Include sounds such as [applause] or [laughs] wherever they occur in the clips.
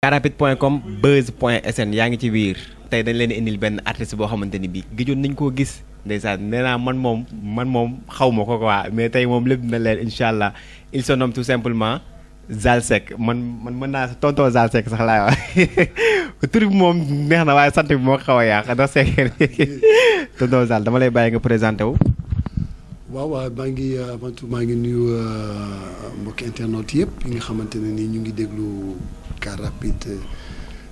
comme carrapide.com buzz.sn yaa ngi ci biir tey dañ leen indil benn artiste boo xamante bi bii gëjoon nañ koo gis ndeysaan nee naa man moom man moom xaw ma ko quoi mais tey moom lépp na leen incha allah il se nomme tout simplement Zalsek man man mën naa tonton Zalsek sax laa wax [laughs] tur moom neex na waaye sant bi moo xaw a yàq ndax Seck [laughs] tonton Zal dama lay bàyyi nga présenté wu. waaw maa ngi avant euh, tout maa ngi nuyu euh, mbokki internet yëpp yi nga xamante ne ni ñu ngi déglu. rapide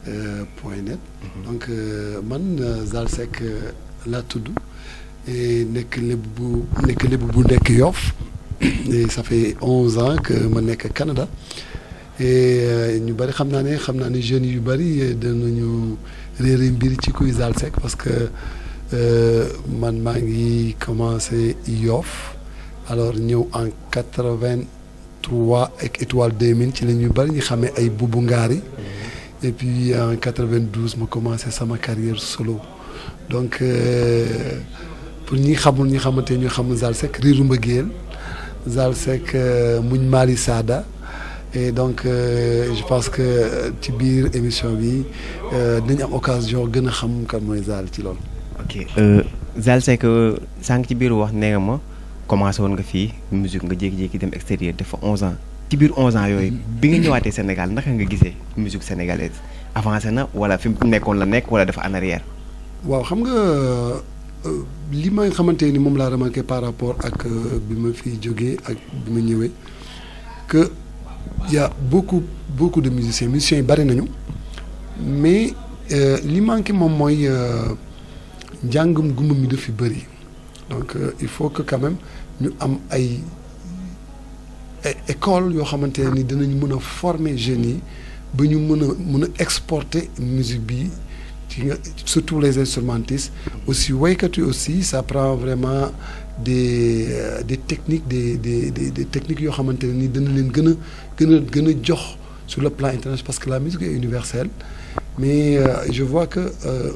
euh, net mhm. donc euh, man euh, zalsek la laa et nekk le bu nekk le bu nekk Yoff [coughs] et ça fait onze ans que ma nekk Canada et nous bëri xam naa ne xam jeunes yu bëri danañu nous mbir ci kuy Zal Seck parce que man mangi ngi commencé Yoff alors nous en quatre-vingt 3 ak étoile 2000 ci la ñu bëri ñu xamee ay bubu ngari et puis en 92 ma commencé sama carrière solo donc euh, pour ñi xamul ñi xamanté ñu xam Zal Seck riiru mbëggeel Zal Seck euh, muñ Mali Sada et donc euh, je pense que ci biir émission bi dinañ am occasion gëna xam kan mooy Zal ci lool ok Zal Seck sank ci biir wax nee ma commencé woon nga fii musique nga jékki-jékki dem extérieur def fa 11 ans ci biir 11 ans yooyu bi nga ñëwaatee Sénégal naka nga gisee musique sénégalaise avancé na wala fi mu nekkoon la nekk wala dafa en arrière. waaw xam nga euh, li ma xamante ni moom laa remarqué par rapport ak euh, bi ma fi jógee ak bi ma ñëwee que y a beaucoup beaucoup de musiciens musiciens yi bari nañu mais euh, li manqué moom mooy njàngum gumba mi daf fi bëri donc il faut que quand même ñu am ay école yoo xamante ni dinañ mën a former jeunes yi ba ñu mën a mën a exporter musique bi ci nga surtout les instrumentistes aussi waykat yi aussi ça prend vraiment des euh, des techniques des des des techniques yoo xamante ne ni dina leen gën a gën a gën a jox sur le plan international parce que la musique est universelle mais euh, je vois que euh,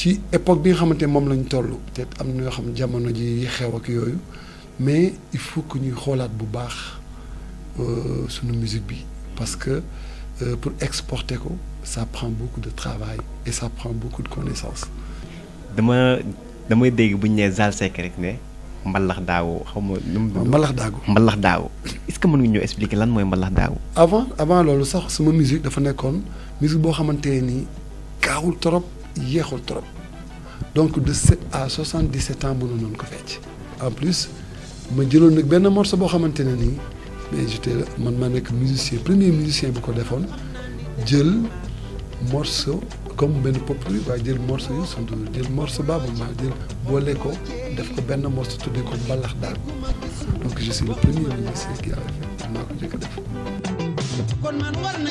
ci époque bi nga lañ peut-être am na xam jamono ji mais il faut que ñuy xoolaat bu baax euh, musique parce que euh, pour exporter ça prend beaucoup de travail et ça prend beaucoup de connaissances. dama dégg bu Zal mbalax est-ce que vous nga expliquer lan mooy mbalax avant avant musique dafa musique boo trop yéexul trop donc de 7 à 77 ans mënoon nañu ko fecc en plus ma jëloon nag benn morceau boo xamante ne nii mais j'étais man maa nekk musicien premier musicien bu ko defoon jël morceau comme benn populaire waaye jël morceau sont de jël morceau baabu ma jël boole ko def ko benn morceau tuddee ko mbalax daal donc je suis le premier musicien qui a fait maa kon man war na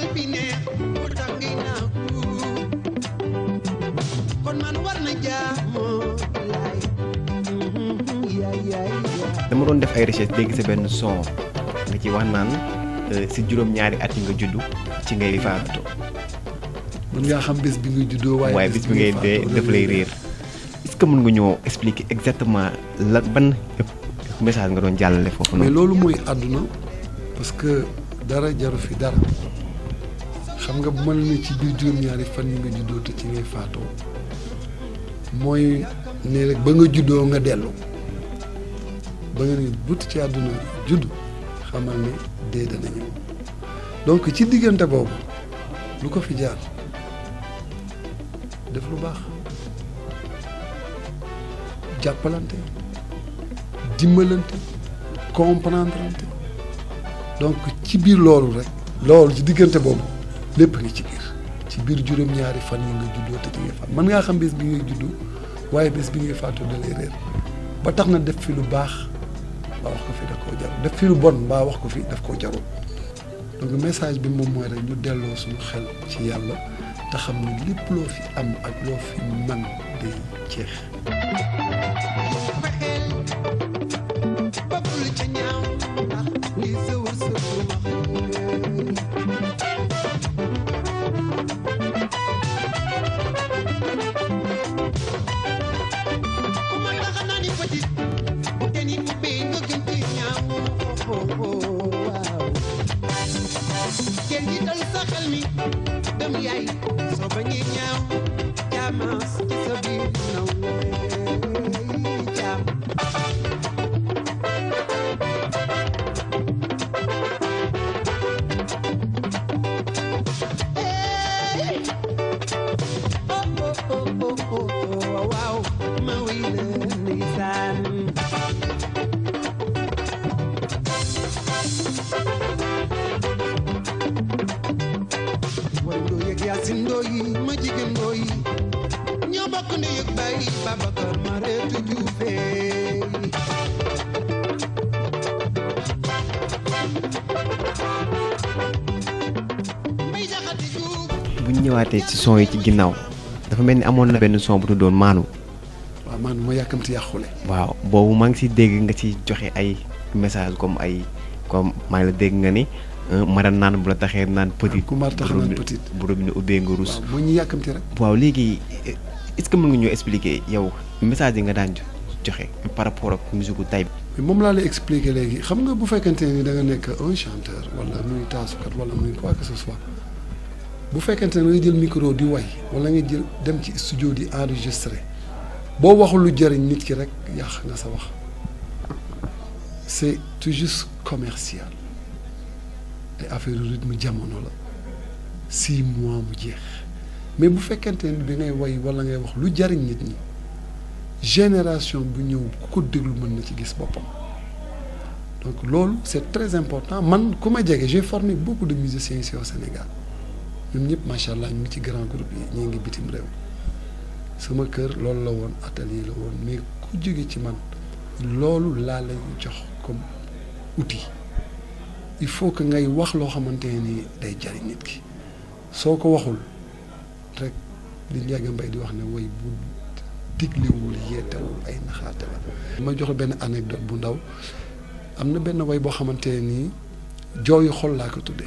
xol bi neex mu kon man war na jaamoo dama doon def ay recherche dégg sa benn son nga ci wax naan eh, si juróom ñaari at yi nga ci ngay faatu mën ngaa xam bés bi nga juddoo waaye bis bi ngay dee daf lay réer est ce que mën nga ñoo expliquer exactement la ban message nga doon jàllale foofu mais loolu mooy àdduna parce que dara jaru fi dara xam nga bu ma ne ci biir juróom-ñaari fan yi nga juddoo te ci ngay faatoo mooy ne rek ba nga juddoo nga dellu ba nga ne but ci àdduna judd xamal ne dee dana ñëw donc ci diggante boobu lu ko fi jaar def lu baax jàppalante dimbalante comprendrante donc ci biir loolu rek loolu ci diggante boobu lépp ngi ci biir ci biir juróom-ñaari fan yi nga juddoo te ci ngay faatu ngaa xam bés bi ngay juddoo waaye bés bi ngay faatu da lay ba tax na def fi lu baax mbaa wax ko fi daf koo jarul def fi lu bon mbaa wax ko fi daf koo jarul donc message bi moom mooy rek ñu delloo suñu xel ci yàlla te xam lépp loo fi am ak loo fi man day jeex. sa xel mi dem yaay soo bañee ñaaw jaamas ci sa biir naw bu ñu ñëwaatee ci son yi ci ginnaaw dafa mel ni amoon na benn son bu tuddoon maanu. waaw maanu ma yàkkamti yàqule. waaw boobu maa ngi si dégg nga ci joxe ay message comme ay comme maa ngi la dégg nga ni euh, mara naan bu la taxee naan petit. ku mar tax naan petit bu robinet ne ubbee nga rus. waaw ñu yàkkamti rek. waaw léegi euh, est-ce nga ñoo expliquer yaw message yi nga daan joxe par rapport ak musique tay bi. moom laa lay expliquer léegi xam nga bu fekkente ni da nekk un chanteur wala muy taasukat wala muy quoi que ce soit. bu fekkente ne ngay jël micro di way wala ngay jël dem ci studio di enregistré boo waxul lu jëriñ nit ki rek yàq nga sa wax c'est tout juste commercial ay affaire rythme jamono la six mois mu jeex mais bu fekkente ne bi ngay way wala ngay wax lu jëriñ nit ñi génération bu ñëw ku ko déglu mën na ci gis boppam donc loolu c'est très important man ku ma jege j'ai formé beaucoup de musiciens ici au Sénégal ñoom ñëpp macha allah ñu ngi ci grand groupe yi ñii ngi bitim réew sama kër loolu la woon atelier la woon mais ku jóge ci man loolu laa lay jox comme outil il faut que ngay wax loo xamante ni day jariñ nit ki soo ko waxul rek di Ndiaga mbay di wax ne way bu diglewul yeetewul ay naxaate la ma jox benn anecdote bu ndaw am na benn way boo xamante nii jooyu xol laa ko tudde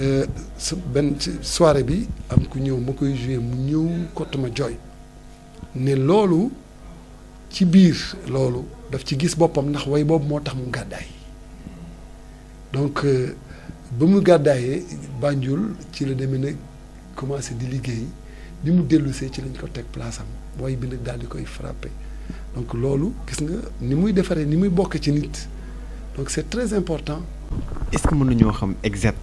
Euh, sa benn ci soirée bi am ku ñew ma koy joué mu ñew kott ma jooy ne ci biir lolu daf ci gis bopam ndax way bob moo tax mu gaday donc euh, ba mu gàddaayee Banjul ci le demee nag commencé di liggéey bi mu dellusee ci lañ ko tek place am way bi nag dal di koy donc lolu gis nga ni muy défaré ni muy bokk ci nit donc c'est très important. est-ce que mën nañoo xam exact.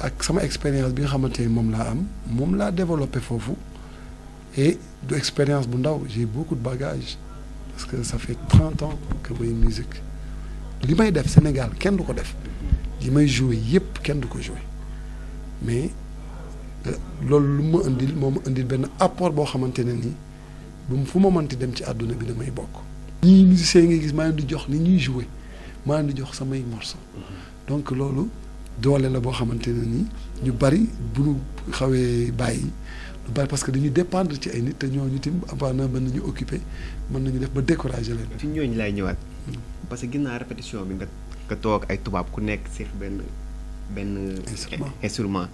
ak sama expérience bi nga xamante ni moom laa am moom laa développé foofu et du expérience bu ndaw j'ai beaucoup de bagages parce que ça fait 30 ans que may musique li may def Sénégal kenn du ko def li may joué yëpp kenn du ko joué mais euh, loolu lu ma indil moo ma indil benn apport boo xamante ne nii bu mu fu ma mënti dem ci àdduna bi damay bokk. ñii musiciens yi nga gis maa ngi di jox ni ñuy joué maa ngi di jox samay morceau donc loolu. doole la boo xamante ne nii ñu bari bu ñu xawee bàyyi lu bari parce que dañuy dépendre ci ay nit te ñooñu tamit avant na ñu nañu occuper mën nañu def ba décourager leen. ci ñooñu laay ñëwaat. Hmm. parce que gis naa bi nga nga ay tubaab ku nekk seex benn benn. instrument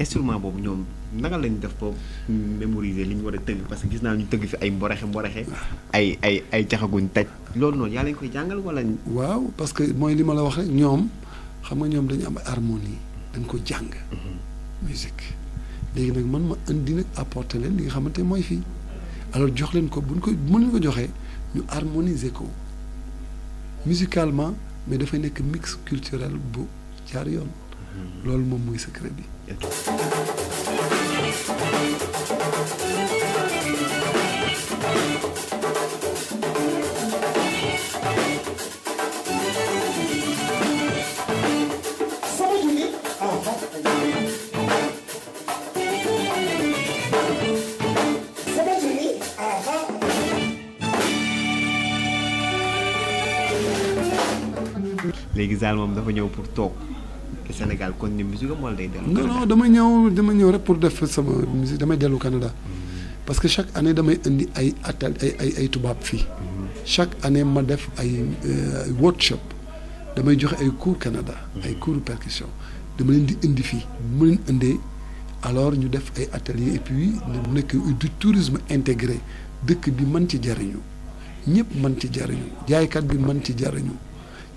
instrument boobu ñoom naka lañ def ko mémoriser li ñu war a tëgg parce que gis naa ñu tëgg fi ay mborexe mborexe ay ay ay jaxaguñ taj loolu noonu yaa lañ koy jàngal wala. waaw parce que mooy li ma la wax rek ñoom. xam nga ñoom dañu am harmonie dañ ko jàng mhm. musique léegi nag man ma indi nag apporter leen li nga xamante mooy fii alors jox leen ko buñ ko mën leen ko joxee ñu harmoniser ko musicalement mais dafay nekk mix culturel bu jaar yoon mhm. loolu moom mooy secret bi léegi Zal moom dafa ñëw pour toog te Sénégal kon ni musique am wala day dellu. non dama ñëw dama ñëw rek pour def sama musique damay dellu Canada. Hmm. parce que chaque année damay indi ay atal ay ay ay tubaab fii. Hmm. chaque année ma def ay euh, workshop damay joxe ay cours Canada. Hmm. ay cours percussion dama leen di indi fii mu leen indee alors ñu def ay ateliers et puis mu nekk du intégré dëkk bi mën ci jariñu ñëpp mën ci jariñu jaaykat bi mën ci jariñu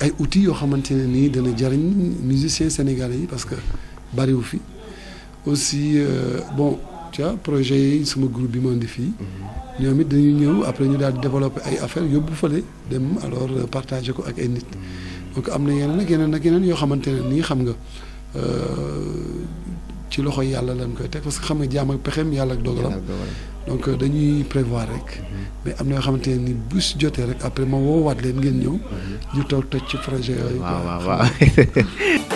ay outils yoo xamante ne nii dana jariñ musiciens sénégalais yi parce que bariwu fi aussi euh, bon tu vois projet yi sama groupe bi ma indi fii. Mhm. ñoom it dañuy ñëw après ñu daal di développer ay affaires yóbbu fële dem alors euh, partager ko ak ay nit. Mhm. donc am na yeneen ak yeneen ak yeneen yoo xamante ne nii xam nga euh, ci loxo yàlla lañ koy teg parce que xam nga jaam ak pexeem yàlla ak dogalam. donc euh, dañuy prévoir rek mais am na yoo xamante ne ni bus jotee rek après ma woowaat leen ngeen ñëw mhm. ñu toog toj ci projet yooyu. waaw waaw [laughs]